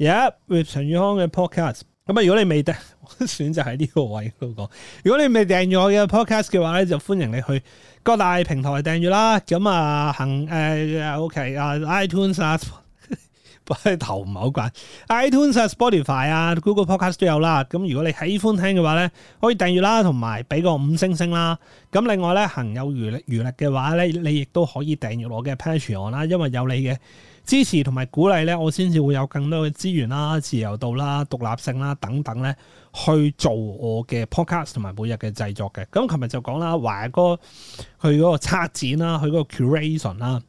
y 而家 with 陳宇康嘅 podcast，咁啊，如果你未訂，選擇喺呢個位度講。如果你未訂閱我嘅 podcast 嘅話咧，就歡迎你去各大平台訂閱啦。咁啊，行誒 OK 啊，okay，啊，iTunes 啊。我頭唔係好怪，iTunes Spotify 啊、Google Podcast 都有啦。咁如果你喜歡聽嘅話咧，可以訂閱啦，同埋俾個五星星啦。咁另外咧，行有餘力嘅話咧，你亦都可以訂閱我嘅 Patreon 啦。因為有你嘅支持同埋鼓勵咧，我先至會有更多嘅資源啦、自由度啦、獨立性啦等等咧，去做我嘅 Podcast 同埋每日嘅製作嘅。咁琴日就講啦，華哥佢嗰個策展啦，佢嗰個 curation 啦。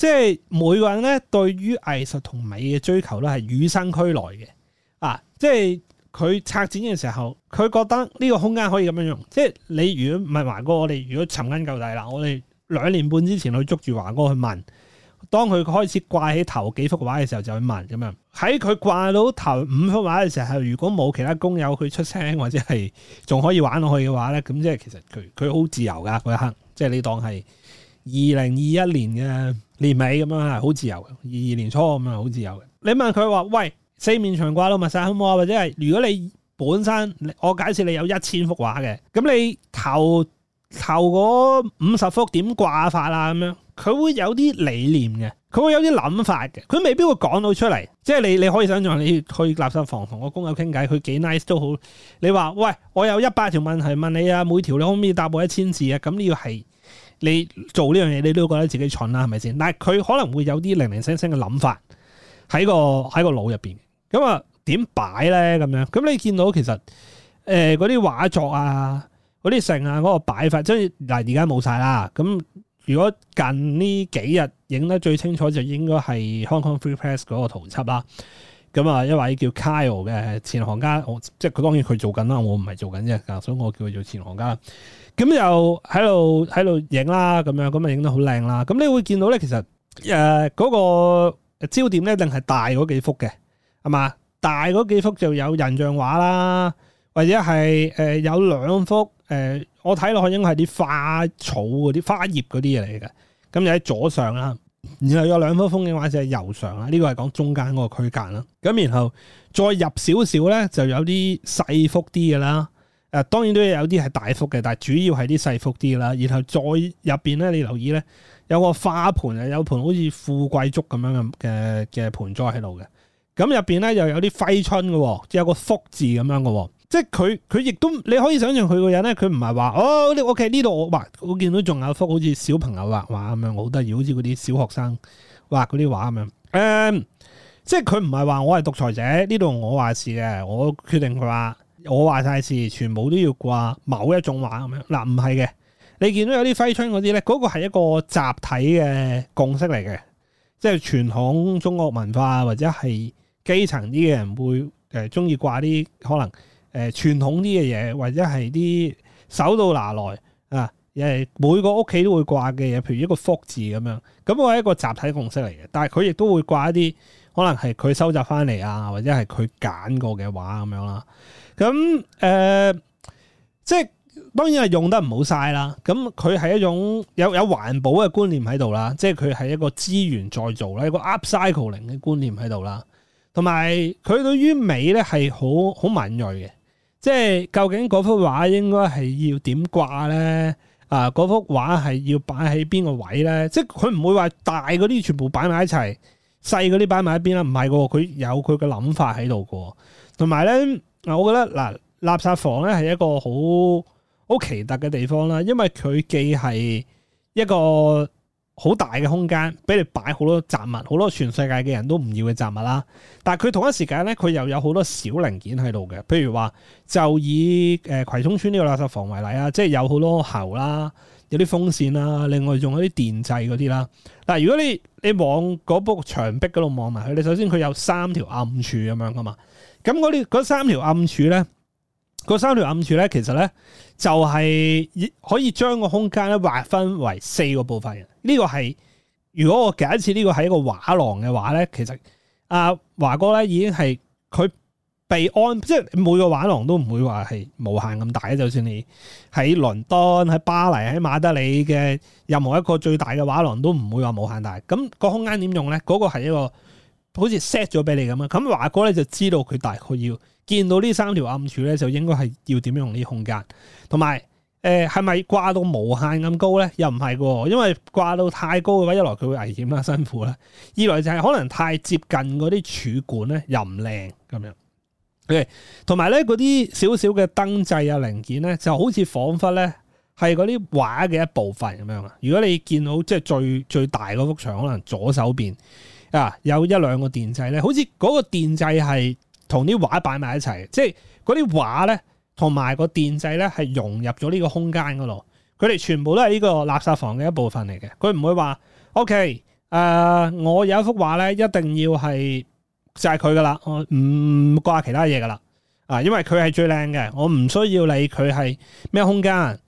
即係每個人咧，對於藝術同美嘅追求咧，係與生俱來嘅。啊，即係佢策展嘅時候，佢覺得呢個空間可以咁樣用。即係你如果唔係華哥，我哋如果尋根究底啦，我哋兩年半之前去捉住華哥去問，當佢開始掛起頭幾幅畫嘅時候就去問咁樣。喺佢掛到頭五幅畫嘅時候，如果冇其他工友佢出聲或者係仲可以玩落去嘅話咧，咁即係其實佢佢好自由㗎嗰一刻。即係你當係二零二一年嘅。年尾咁樣係好自由嘅，二二年初咁樣好自由嘅。你問佢話：喂，四面牆掛到密晒好唔好啊？或者係如果你本身，我解釋你有一千幅畫嘅，咁你頭頭嗰五十幅點掛法啊？咁樣佢會有啲理念嘅，佢會有啲諗法嘅，佢未必會講到出嚟。即係你你可以想象，你去垃圾房同個工友傾偈，佢幾 nice 都好。你話：喂，我有一百條問題問你啊，每條你可唔可以答我一千字啊？咁呢個係。你做呢樣嘢，你都覺得自己蠢啦，係咪先？但係佢可能會有啲零零星星嘅諗法喺個喺個腦入邊。咁啊，點擺咧咁樣？咁你見到其實嗰啲、呃、畫作啊、嗰啲成啊嗰個擺法，即係嗱而家冇晒啦。咁如果近呢幾日影得最清楚，就應該係 Hong Kong Free Press 嗰個圖輯啦。咁啊，一位叫 Kyle 嘅前行家，我即係佢當然佢做緊啦，我唔係做緊啫，所以我叫佢做前行家。咁又喺度喺度影啦，咁樣咁啊影得好靚啦。咁你會見到咧，其實誒嗰，呃嗰個焦點咧，一定係大嗰幾幅嘅，係嘛？大嗰幾幅就有人像畫啦，或者係誒、呃、有兩幅誒、呃，我睇落去應該係啲花草啲花葉嗰啲嘢嚟嘅。咁就喺左上啦。然後有兩幅風景畫就係悠長啦，呢、這個係講中間嗰個區間啦。咁然後再入少少咧，就有啲細幅啲嘅啦。誒，當然都有啲係大幅嘅，但係主要係啲細幅啲啦。然後再入邊咧，你留意咧，有個花盆啊，有盆好似富貴竹咁樣嘅嘅盆栽喺度嘅。咁入邊咧又有啲揮春嘅，即係有個福字咁樣嘅。即係佢，佢亦都你可以想象佢個人咧，佢唔係話哦，你、oh, OK 呢度我，哇！我見到仲有幅好似小朋友畫畫咁樣，好得意，好似嗰啲小學生畫嗰啲畫咁樣。Um, 即係佢唔係話我係獨裁者，呢度我話事嘅，我決定佢話我話晒事，全部都要掛某一種畫咁樣。嗱、啊，唔係嘅，你見到有啲揮春嗰啲咧，嗰、那個係一個集體嘅共識嚟嘅，即係傳統中國文化或者係基層啲嘅人會誒中意掛啲可能。誒傳統啲嘅嘢，或者係啲手到拿來啊，誒每個屋企都會掛嘅嘢，譬如一個福字咁樣。咁我係一個集體共識嚟嘅，但係佢亦都會掛一啲可能係佢收集翻嚟啊，或者係佢揀過嘅畫咁樣啦。咁誒、呃，即係當然係用得唔好嘥啦。咁佢係一種有有環保嘅觀念喺度啦，即係佢係一個資源再造啦，一個 upcycling 嘅觀念喺度啦。同埋佢對於美咧係好好敏鋭嘅。即係究竟嗰幅畫應該係要點掛咧？啊，嗰幅畫係要擺喺邊個位咧？即係佢唔會話大嗰啲全部擺埋一齊，細嗰啲擺埋一邊啦。唔係嘅，佢有佢嘅諗法喺度嘅。同埋咧，嗱，我覺得嗱、啊、垃圾房咧係一個好好奇特嘅地方啦，因為佢既係一個。好大嘅空間，俾你擺好多雜物，好多全世界嘅人都唔要嘅雜物啦。但係佢同一時間咧，佢又有好多小零件喺度嘅。譬如話，就以誒葵涌村呢個垃圾房為例啊，即係有好多喉啦，有啲風扇啦，另外仲有啲電掣嗰啲啦。但如果你你往嗰幅牆壁嗰度望埋去，你首先佢有三條暗柱咁樣噶嘛。咁嗰啲嗰三條暗柱咧，嗰三條暗柱咧，其實咧就係可以將個空間咧劃分為四個部分。呢個係如果我假設一次呢個係一個畫廊嘅話咧，其實阿華哥咧已經係佢被安，即係每個畫廊都唔會話係無限咁大。就算你喺倫敦、喺巴黎、喺馬德里嘅任何一個最大嘅畫廊都唔會話無限大。咁個空間點用咧？嗰個係一個好似 set 咗俾你咁樣。咁華哥咧就知道佢大概要見到呢三條暗柱咧，就應該係要點用呢空間，同埋。誒係咪掛到無限咁高咧？又唔係喎，因為掛到太高嘅話，一來佢會危險啦、辛苦啦；二來就係可能太接近嗰啲柱管咧，又唔靚咁樣。誒、okay，同埋咧嗰啲少少嘅燈掣啊零件咧，就好似彷彿咧係嗰啲畫嘅一部分咁樣啊。如果你見到即係最最大嗰幅牆，可能左手邊啊有一兩個電掣咧，好似嗰個電掣係同啲畫擺埋一齊，即係嗰啲畫咧。同埋個電掣咧，係融入咗呢個空間嗰度，佢哋全部都係呢個垃圾房嘅一部分嚟嘅。佢唔會話，OK，誒、呃，我有一幅畫咧，一定要係就係佢噶啦，我唔掛其他嘢噶啦，啊，因為佢係最靚嘅，我唔需要理佢係咩空間，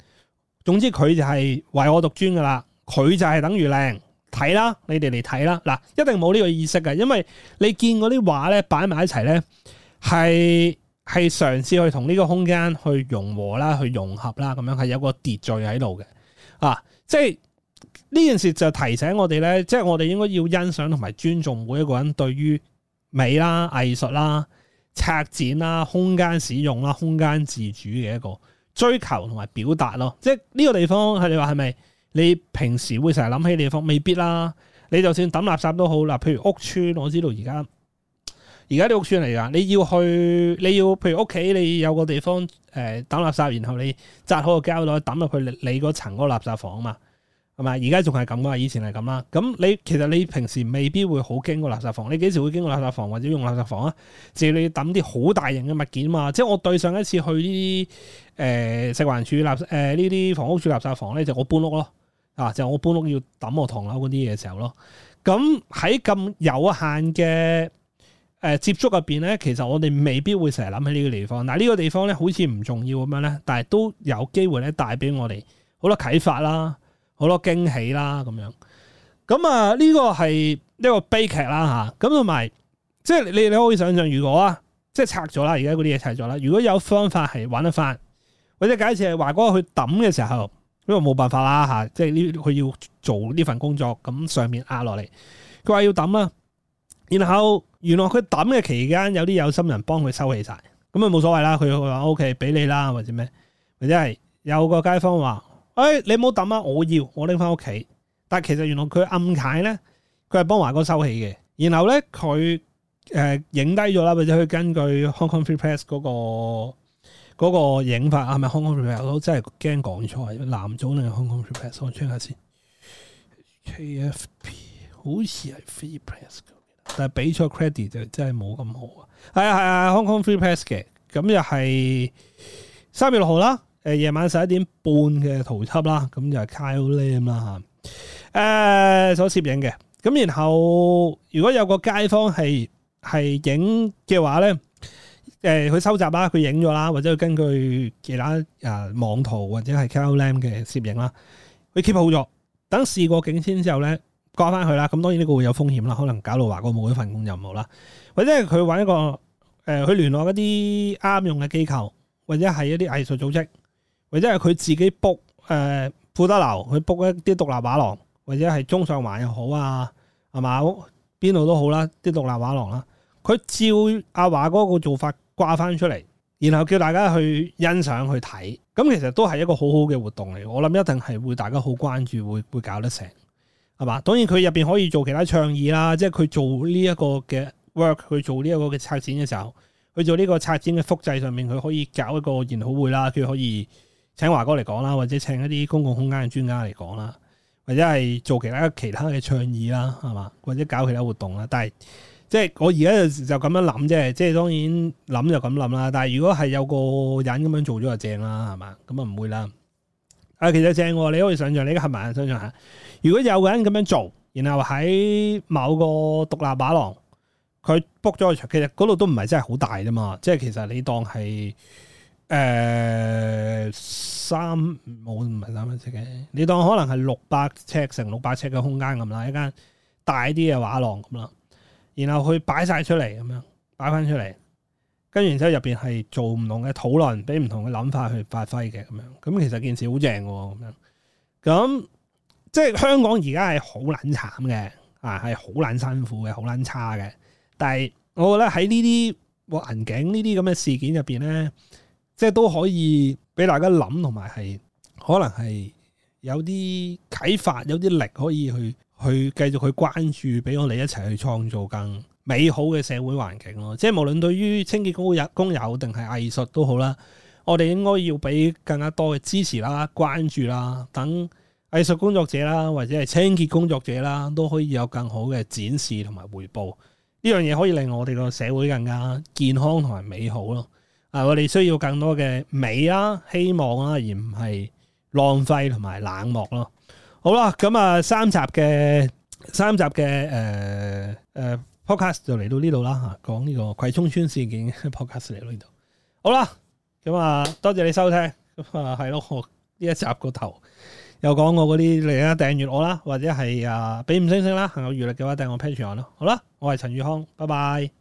總之佢就係唯我獨尊噶啦，佢就係等於靚睇啦，你哋嚟睇啦。嗱、啊，一定冇呢個意思嘅，因為你見嗰啲畫咧擺埋一齊咧，係。係嘗試去同呢個空間去融合啦，去融合啦，咁樣係有個秩序喺度嘅啊！即係呢件事就提醒我哋咧，即係我哋應該要欣賞同埋尊重每一個人對於美啦、藝術啦、策展啦、空間使用啦、空間自主嘅一個追求同埋表達咯。即係呢個地方，你話係咪你平時會成日諗起地方？未必啦，你就算抌垃圾都好啦。譬如屋邨，我知道而家。而家啲屋邨嚟噶，你要去，你要譬如屋企，你有個地方，誒、呃、抌垃圾，然後你紮好個膠袋抌入去你你嗰層個垃圾房啊嘛，係咪？而家仲係咁啊，以前係咁啦。咁你其實你平時未必會好經過垃圾房，你幾時會經過垃圾房或者用垃圾房啊？即係你抌啲好大型嘅物件嘛。即係我對上一次去呢啲誒食環處垃誒呢啲房屋處垃圾房咧，就是、我搬屋咯啊，就是、我搬屋要抌我堂樓嗰啲嘢時候咯。咁喺咁有限嘅。誒接觸入邊咧，其實我哋未必會成日諗起呢個地方。嗱，呢個地方咧好似唔重要咁樣咧，但係都有機會咧帶俾我哋好多啟發啦、好多驚喜啦咁樣。咁啊，呢個係呢個悲劇啦吓，咁同埋，即係你你可以想象，如果啊，即係拆咗啦，而家嗰啲嘢拆咗啦，如果有方法係揾得翻，或者假設係話嗰個去抌嘅時候，因為冇辦法啦吓，即係呢佢要做呢份工作，咁上面壓落嚟，佢話要抌啊。然後原來佢抌嘅期間，有啲有心人幫佢收起晒，咁啊冇所謂啦。佢話：O.K.，俾你啦，或者咩？或者係有個街坊話：誒，你唔好抌啊！我要我拎翻屋企。但其實原來佢暗解咧，佢係幫華哥收起嘅。然後咧，佢誒影低咗啦，或者佢根據 Hong Kong Free Press 嗰個嗰個影法係咪 Hong Kong Free Press？我真係驚講錯。男組定係 Hong Kong Free Press？我 check 下先看看。KFP 好似係 Free Press。但係畀錯 credit 就真係冇咁好啊！係啊係啊，Hong Kong Free Press 嘅，咁又係三月六號啦。呃、夜晚十一點半嘅圖輯啦，咁就係 Kyle Lam 啦嚇。誒、呃、所攝影嘅，咁然後如果有個街坊係係影嘅話咧，誒、呃、佢收集啦，佢影咗啦，或者佢根據其他誒、呃、網圖或者係 Kyle Lam 嘅攝影啦，佢 keep 好咗，等事過境遷之後咧。掛翻去啦，咁當然呢個會有風險啦，可能搞到華哥冇一份工作任務啦，或者係佢搵一個誒，佢、呃、聯絡一啲啱用嘅機構，或者係一啲藝術組織，或者係佢自己 book 誒富德樓去 book 一啲獨立畫廊，或者係中上環又好啊，係、啊、嘛，邊度都好啦，啲獨立畫廊啦，佢照阿華哥個做法掛翻出嚟，然後叫大家去欣賞去睇，咁、嗯、其實都係一個好好嘅活動嚟，我諗一定係會大家好關注，會會搞得成。係嘛？當然佢入邊可以做其他倡議啦，即係佢做呢一個嘅 work，佢做呢一個嘅策展嘅時候，佢做呢個策展嘅複製上面，佢可以搞一個研討會啦，佢可以請華哥嚟講啦，或者請一啲公共空間嘅專家嚟講啦，或者係做其他其他嘅倡議啦，係嘛？或者搞其他活動啦。但係即係我而家就咁樣諗啫，即係當然諗就咁諗啦。但係如果係有個人咁樣做咗就正啦，係嘛？咁啊唔會啦。啊，其實正喎，你可以想象，你嘅閤埋想象下，如果有個人咁樣做，然後喺某個獨立畫廊，佢 book 咗個場，其實嗰度都唔係真係好大啫嘛，即係其實你當係誒、呃、三冇唔係三米尺嘅，你當可能係六百尺乘六百尺嘅空間咁啦，一間大啲嘅畫廊咁啦，然後佢擺晒出嚟咁樣，擺翻出嚟。跟住之後入面係做唔同嘅討論，俾唔同嘅諗法去發揮嘅咁樣，咁其實件事好正喎，咁樣，咁即係香港而家係好撚慘嘅，啊係好撚辛苦嘅，好撚差嘅。但係我覺得喺呢啲環境呢啲咁嘅事件入面咧，即係都可以俾大家諗同埋係可能係有啲啟發，有啲力可以去去繼續去關注，俾我哋一齊去創造更美好嘅社會環境咯，即係無論對於清潔工友工友定係藝術都好啦，我哋應該要俾更加多嘅支持啦、關注啦，等藝術工作者啦或者係清潔工作者啦都可以有更好嘅展示同埋回報。呢樣嘢可以令我哋個社會更加健康同埋美好咯。啊，我哋需要更多嘅美啦、希望啦，而唔係浪費同埋冷漠咯。好啦，咁啊三集嘅三集嘅誒誒，呃呃 podcast 就嚟到呢度啦吓，講呢個葵涌村事件嘅 podcast 嚟到呢度，好啦，咁啊多謝你收聽，咁啊係咯呢一集個頭，又講過嗰啲你啊訂閱我啦，或者係啊俾五星星啦，行有餘力嘅話，訂我 patreon 咯，好啦，我係陳宇康，拜拜。